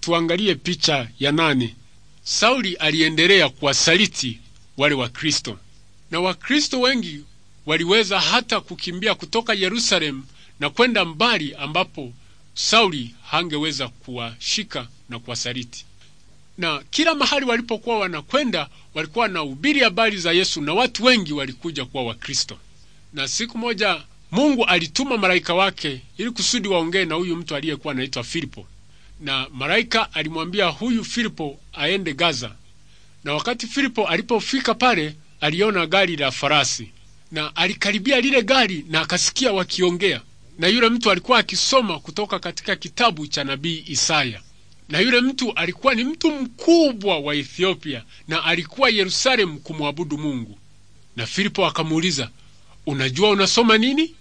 tuangalie picha ya nane. Sauli aliendelea kuwasaliti wale Wakristo, na Wakristo wengi waliweza hata kukimbia kutoka Yerusalemu na kwenda mbali ambapo Sauli hangeweza kuwashika na kuwasaliti. Na kila mahali walipokuwa wanakwenda walikuwa wanahubiri habari za Yesu, na watu wengi walikuja kuwa Wakristo. Na siku moja Mungu alituma malaika wake ili kusudi waongee na huyu mtu aliyekuwa anaitwa Filipo na malaika alimwambia huyu Filipo aende Gaza. Na wakati Filipo alipofika pale, aliona gari la farasi, na alikaribia lile gari na akasikia wakiongea, na yule mtu alikuwa akisoma kutoka katika kitabu cha nabii Isaya. Na yule mtu alikuwa ni mtu mkubwa wa Ethiopia, na alikuwa Yerusalemu kumwabudu Mungu. Na Filipo akamuuliza, unajua unasoma nini?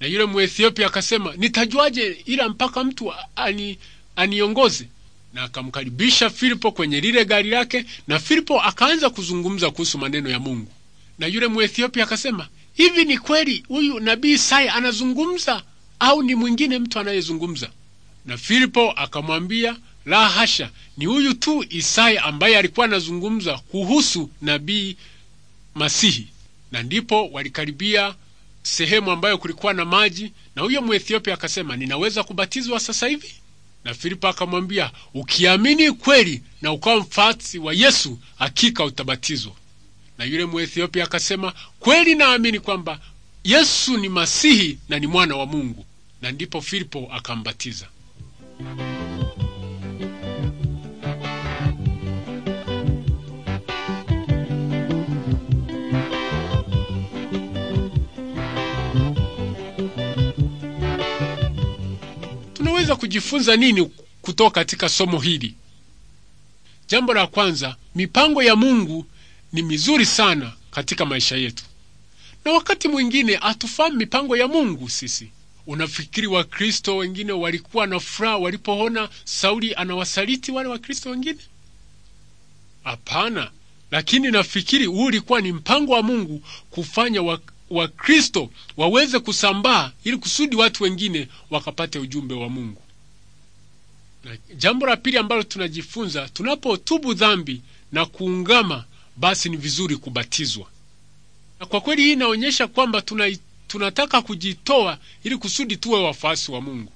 Na yule Muethiopia akasema, nitajuaje ila mpaka mtu ani aniongoze na akamkaribisha Filipo kwenye lile gari lake, na Filipo akaanza kuzungumza kuhusu maneno ya Mungu, na yule Muethiopia akasema, hivi ni kweli huyu nabii Isaya anazungumza au ni mwingine mtu anayezungumza? Na Filipo akamwambia, la hasha, ni huyu tu Isaya ambaye alikuwa anazungumza kuhusu nabii Masihi. Na ndipo walikaribia sehemu ambayo kulikuwa na maji, na huyo Muethiopia akasema, ninaweza kubatizwa sasa hivi? Na Filipo akamwambia, ukiamini kweli na ukawa mfasi wa Yesu, hakika utabatizwa. Na yule Muethiopia akasema, kweli naamini kwamba Yesu ni Masihi na ni mwana wa Mungu. Na ndipo Filipo akambatiza. tunaweza kujifunza nini kutoka katika somo hili? Jambo la kwanza, mipango ya Mungu ni mizuri sana katika maisha yetu, na wakati mwingine hatufahamu mipango ya Mungu sisi. Unafikiri Wakristo wengine walikuwa na furaha walipoona Sauli anawasaliti wale Wakristo wengine? Hapana, lakini nafikiri huu ulikuwa ni mpango wa Mungu kufanya wa wa Kristo waweze kusambaa ili kusudi watu wengine wakapate ujumbe wa Mungu. Na jambo la pili ambalo tunajifunza, tunapotubu dhambi na kuungama, basi ni vizuri kubatizwa. Na kwa kweli hii inaonyesha kwamba tuna, tunataka kujitoa ili kusudi tuwe wafuasi wa Mungu.